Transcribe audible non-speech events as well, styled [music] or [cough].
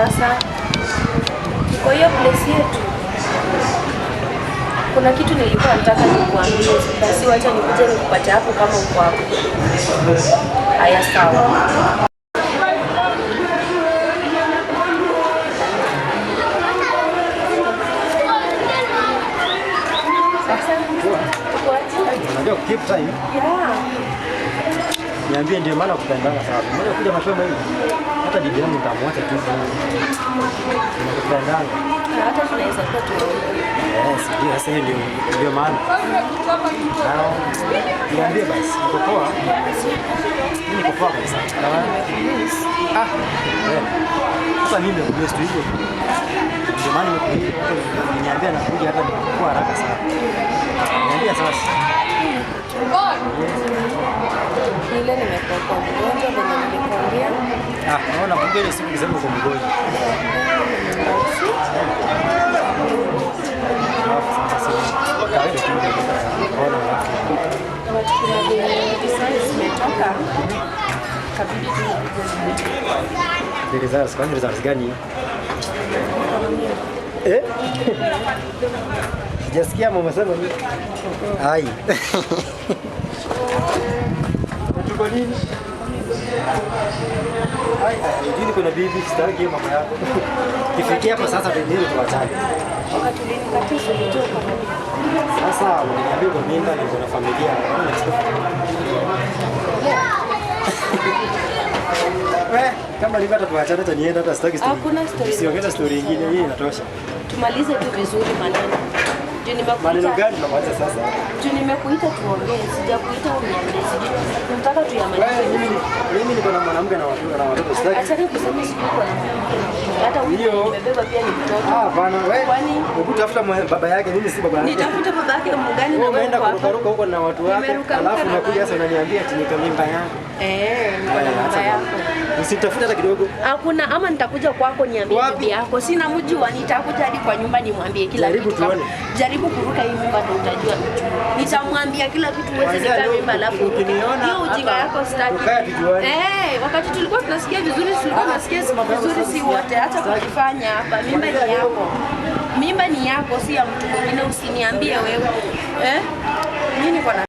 sasa. Kwa hiyo place yetu kuna kitu nilikuwa nataka nikuambie, basi wacha nikuje nikupate hapo kama uko hapo. Haya, sawa. Sasa, niambie, ndio maana kupendana sana. Mbona kuja mapema hivi? Hata bibi yangu nitamwacha tu. Tunakupendana. Ah, hata tunaweza kuwa tu. Yes, ndio sasa ndio ndio maana. Niambie basi, uko poa? Niko poa kabisa. Ah. Eh. Sasa mimi nimekuja siku hiyo. Ndio maana nimekuambia nakuja hata nikuwa haraka sana. Niambie sasa. Yes kile nimekuwa mgonjwa venye nilikuambia. Ah, naona kumbe ile siku zangu kwa mgonjwa. Results, kwani results gani? Eh? Sijasikia [laughs] mama sema. Ai. [laughs] Unaitwa nini? Ingine kuna bibi sitaki mama yako. Kifikia hapo sasa pengine tuwachane. Sasa unaniambia uko mimba na una familia. Wewe eh, kama ni hata tuwachane hata nienda hata sitaki story. Siongeza story nyingine hii inatosha. Tumalize tu vizuri maneno. Maneno gani tunamaliza sasa? Juu nimekuita tuongee, sijakuita uniambie, sijui nataka tuyamalize. Mimi niko na mwanamke na watoto na watoto sitaki. Acha kusema sijui kwa hata huyo nimebeba pia ni mtoto. Ah, bana wewe. Kwani ukutafuta baba yake, mimi si baba yake. Nitafuta baba yake mgani na wewe unaenda kurukaruka huko na watu wako. Alafu unakuja sasa unaniambia ati nikamimba yangu. Eh, ni yako. Msitafute hata kidogo. Hakuna ama nitakuja kwako niambie bibi yako. Sina mji wa nitakuja hadi kwa nyumba nimwambie kila jaribu kitu. Jaribu jaribu kuruka hii nyumba ndio utajua. Nitamwambia kila kitu uweze kukaa mimba alafu ukiniona. Hiyo ujinga yako sitaki. Eh, wakati tulikuwa tunasikia vizuri, tulikuwa tunasikia ah, vizuri si wote hata kujifanya hapa. Mimba ni yako. Mimba ni yako si ya mtu mwingine usiniambie wewe. Eh? Nini kwa